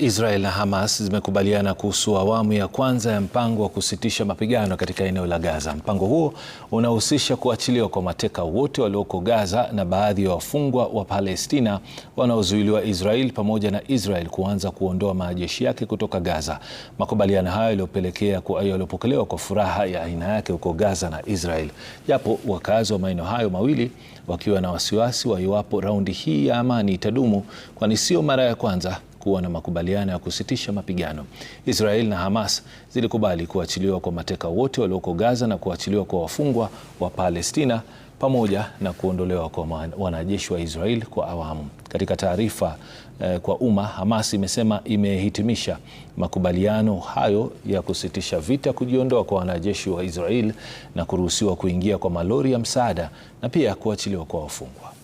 Israel na Hamas zimekubaliana kuhusu awamu ya kwanza ya mpango wa kusitisha mapigano katika eneo la Gaza. Mpango huo unahusisha kuachiliwa kwa mateka wote walioko Gaza na baadhi ya wa wafungwa wa Palestina wanaozuiliwa Israel pamoja na Israel kuanza kuondoa majeshi yake kutoka Gaza. Makubaliano hayo yaliyopelekea yaliyopokelewa kwa furaha ya aina yake huko Gaza na Israel, japo wakazi wa maeneo hayo mawili wakiwa na wasiwasi wa iwapo raundi hii ya amani itadumu, kwani sio mara ya kwanza kuwa na makubaliano ya kusitisha mapigano. Israel na Hamas zilikubali kuachiliwa kwa mateka wote walioko Gaza na kuachiliwa kwa wafungwa wa Palestina pamoja na kuondolewa kwa wanajeshi wa Israel kwa awamu. Katika taarifa eh, kwa umma, Hamas imesema imehitimisha makubaliano hayo ya kusitisha vita, kujiondoa kwa wanajeshi wa Israel na kuruhusiwa kuingia kwa malori ya msaada na pia kuachiliwa kwa wafungwa.